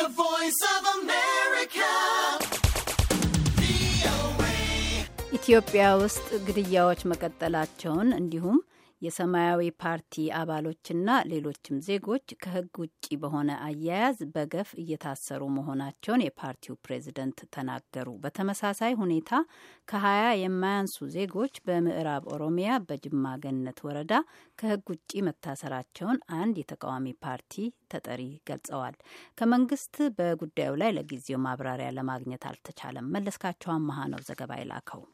The Voice of America. ኢትዮጵያ ውስጥ ግድያዎች መቀጠላቸውን እንዲሁም የሰማያዊ ፓርቲ አባሎችና ሌሎችም ዜጎች ከህግ ውጭ በሆነ አያያዝ በገፍ እየታሰሩ መሆናቸውን የፓርቲው ፕሬዝደንት ተናገሩ። በተመሳሳይ ሁኔታ ከሀያ የማያንሱ ዜጎች በምዕራብ ኦሮሚያ በጅማ ገነት ወረዳ ከህግ ውጭ መታሰራቸውን አንድ የተቃዋሚ ፓርቲ ተጠሪ ገልጸዋል። ከመንግስት በጉዳዩ ላይ ለጊዜው ማብራሪያ ለማግኘት አልተቻለም። መለስካቸው አመሃ ነው ዘገባ የላከው።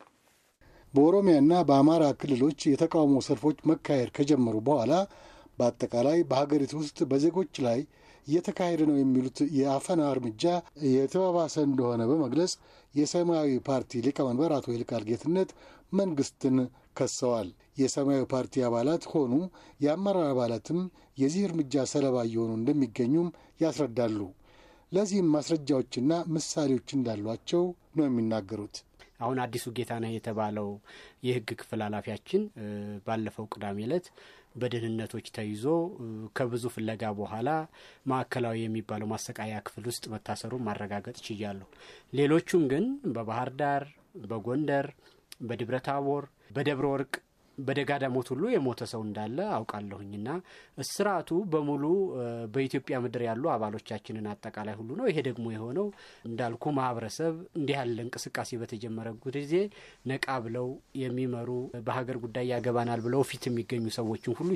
በኦሮሚያና በአማራ ክልሎች የተቃውሞ ሰልፎች መካሄድ ከጀመሩ በኋላ በአጠቃላይ በሀገሪቱ ውስጥ በዜጎች ላይ እየተካሄደ ነው የሚሉት የአፈና እርምጃ የተባባሰ እንደሆነ በመግለጽ የሰማያዊ ፓርቲ ሊቀመንበር አቶ ይልቃል ጌትነት መንግስትን ከሰዋል። የሰማያዊ ፓርቲ አባላት ሆኑ የአመራር አባላትም የዚህ እርምጃ ሰለባ እየሆኑ እንደሚገኙም ያስረዳሉ። ለዚህም ማስረጃዎችና ምሳሌዎች እንዳሏቸው ነው የሚናገሩት። አሁን አዲሱ ጌታ ነህ የተባለው የህግ ክፍል ኃላፊያችን ባለፈው ቅዳሜ ዕለት በደህንነቶች ተይዞ ከብዙ ፍለጋ በኋላ ማዕከላዊ የሚባለው ማሰቃያ ክፍል ውስጥ መታሰሩ ማረጋገጥ ችያለሁ። ሌሎቹም ግን በባህር ዳር፣ በጎንደር፣ በድብረ ታቦር፣ በደብረ ወርቅ በደጋዳሞት ሁሉ የሞተ ሰው እንዳለ አውቃለሁኝና እስራቱ በሙሉ በኢትዮጵያ ምድር ያሉ አባሎቻችንን አጠቃላይ ሁሉ ነው። ይሄ ደግሞ የሆነው እንዳልኩ ማህበረሰብ እንዲህ ያለ እንቅስቃሴ በተጀመረ ጊዜ ነቃ ብለው የሚመሩ በሀገር ጉዳይ ያገባናል ብለው ፊት የሚገኙ ሰዎችን ሁሉ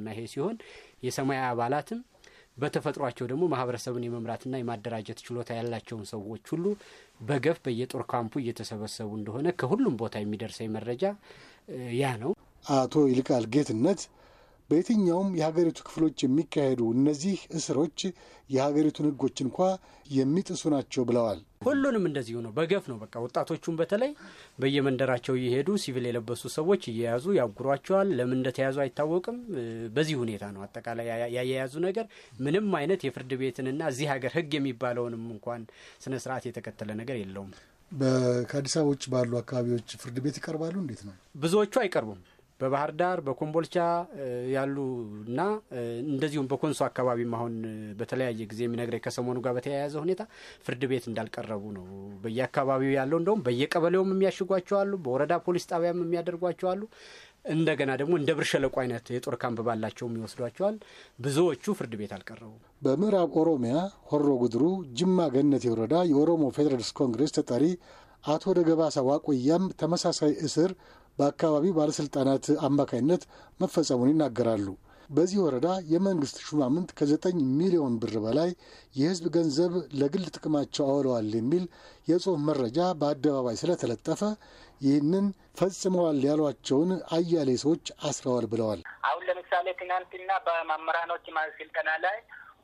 እና ይሄ ሲሆን የሰማያዊ አባላትም በተፈጥሯቸው ደግሞ ማህበረሰብን የመምራትና የማደራጀት ችሎታ ያላቸውን ሰዎች ሁሉ በገፍ በየጦር ካምፑ እየተሰበሰቡ እንደሆነ ከሁሉም ቦታ የሚደርሰኝ መረጃ ያ ነው። አቶ ይልቃል ጌትነት በየትኛውም የሀገሪቱ ክፍሎች የሚካሄዱ እነዚህ እስሮች የሀገሪቱን ሕጎች እንኳ የሚጥሱ ናቸው ብለዋል። ሁሉንም እንደዚሁ ነው፣ በገፍ ነው። በቃ ወጣቶቹን በተለይ በየመንደራቸው እየሄዱ ሲቪል የለበሱ ሰዎች እየያዙ ያጉሯቸዋል። ለምን እንደተያዙ አይታወቅም። በዚህ ሁኔታ ነው አጠቃላይ ያያያዙ ነገር። ምንም አይነት የፍርድ ቤትንና እዚህ ሀገር ህግ የሚባለውንም እንኳን ስነስርዓት የተከተለ ነገር የለውም። ከአዲስ አበባ ውጭ ባሉ አካባቢዎች ፍርድ ቤት ይቀርባሉ። እንዴት ነው? ብዙዎቹ አይቀርቡም። በባህር ዳር በኮምቦልቻ ያሉ እና እንደዚሁም በኮንሶ አካባቢም አሁን በተለያየ ጊዜ የሚነግረኝ ከሰሞኑ ጋር በተያያዘ ሁኔታ ፍርድ ቤት እንዳልቀረቡ ነው። በየአካባቢው ያለው እንደውም በየቀበሌውም የሚያሽጓቸዋሉ፣ በወረዳ ፖሊስ ጣቢያም የሚያደርጓቸዋሉ። እንደገና ደግሞ እንደ ብር ሸለቆ አይነት የጦር ካምፕ ባላቸውም ይወስዷቸዋል። ብዙዎቹ ፍርድ ቤት አልቀረቡም። በምዕራብ ኦሮሚያ ሆሮ ጉድሩ ጅማ ገነት የወረዳ የኦሮሞ ፌዴራልስ ኮንግሬስ ተጠሪ አቶ ደገባሳ ዋቆያም ተመሳሳይ እስር በአካባቢው ባለሥልጣናት አማካይነት መፈጸሙን ይናገራሉ። በዚህ ወረዳ የመንግስት ሹማምንት ከዘጠኝ ሚሊዮን ብር በላይ የሕዝብ ገንዘብ ለግል ጥቅማቸው አውለዋል የሚል የጽሑፍ መረጃ በአደባባይ ስለተለጠፈ ይህንን ፈጽመዋል ያሏቸውን አያሌ ሰዎች አስረዋል ብለዋል። አሁን ለምሳሌ ትናንትና በመምህራኖች ስልጠና ላይ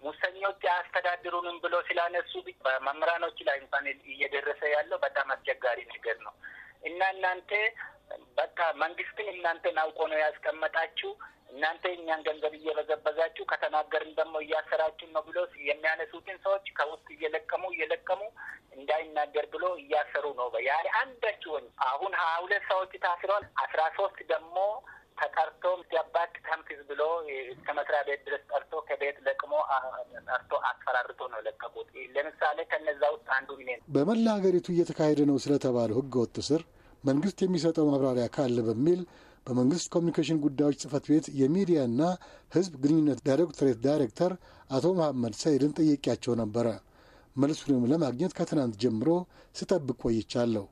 ሙሰኞች አያስተዳድሩንም ብሎ ስላነሱ በመምህራኖች ላይ እንኳን እየደረሰ ያለው በጣም አስቸጋሪ ነገር ነው እና እናንተ በቃ መንግስትን እናንተን አውቆ ነው ያስቀመጣችሁ እናንተ እኛን ገንዘብ እየበዘበዛችሁ ከተናገርን ደግሞ እያሰራችሁ ነው ብሎ የሚያነሱትን ሰዎች ከውስጥ እየለቀሙ እየለቀሙ እንዳይናገር ብሎ እያሰሩ ነው። ያ አንዳች ወንጀል አሁን ሀያ ሁለት ሰዎች ታስረዋል። አስራ ሶስት ደግሞ ተጠርቶ ሲያባክ ተንፊዝ ብሎ እስከ መስሪያ ቤት ድረስ ጠርቶ ከቤት ለቅሞ ጠርቶ አስፈራርቶ ነው ለቀቁት። ለምሳሌ ከነዛ ውስጥ አንዱ እኔ ነው። በመላ ሀገሪቱ እየተካሄደ ነው ስለተባለው ህገወጥ ስር መንግስት የሚሰጠው ማብራሪያ ካለ በሚል በመንግስት ኮሚኒኬሽን ጉዳዮች ጽህፈት ቤት የሚዲያና ህዝብ ግንኙነት ዳይሬክቶሬት ዳይሬክተር አቶ መሐመድ ሰይድን ጠየቂያቸው ነበረ። መልሱንም ለማግኘት ከትናንት ጀምሮ ስጠብቅ ቆይቻለሁ።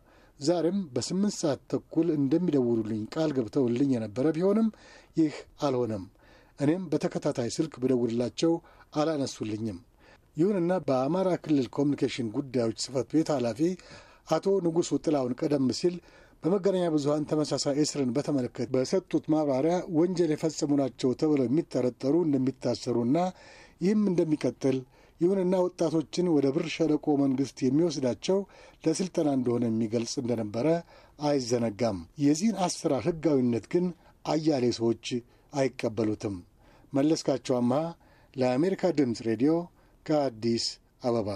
ዛሬም በስምንት ሰዓት ተኩል እንደሚደውሉልኝ ቃል ገብተውልኝ የነበረ ቢሆንም ይህ አልሆነም። እኔም በተከታታይ ስልክ ብደውልላቸው አላነሱልኝም። ይሁንና በአማራ ክልል ኮሚኒኬሽን ጉዳዮች ጽህፈት ቤት ኃላፊ አቶ ንጉሱ ጥላውን ቀደም ሲል በመገናኛ ብዙኃን ተመሳሳይ እስርን በተመለከተ በሰጡት ማብራሪያ ወንጀል የፈጸሙ ናቸው ተብለው የሚጠረጠሩ እንደሚታሰሩና ይህም እንደሚቀጥል ይሁንና ወጣቶችን ወደ ብር ሸለቆ መንግስት የሚወስዳቸው ለስልጠና እንደሆነ የሚገልጽ እንደነበረ አይዘነጋም። የዚህን አሰራር ህጋዊነት ግን አያሌ ሰዎች አይቀበሉትም። መለስካቸው አምሃ ለአሜሪካ ድምፅ ሬዲዮ ከአዲስ አበባ